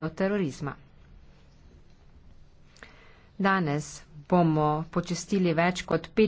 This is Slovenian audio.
do terorizma. Danes bomo počestili več kot 5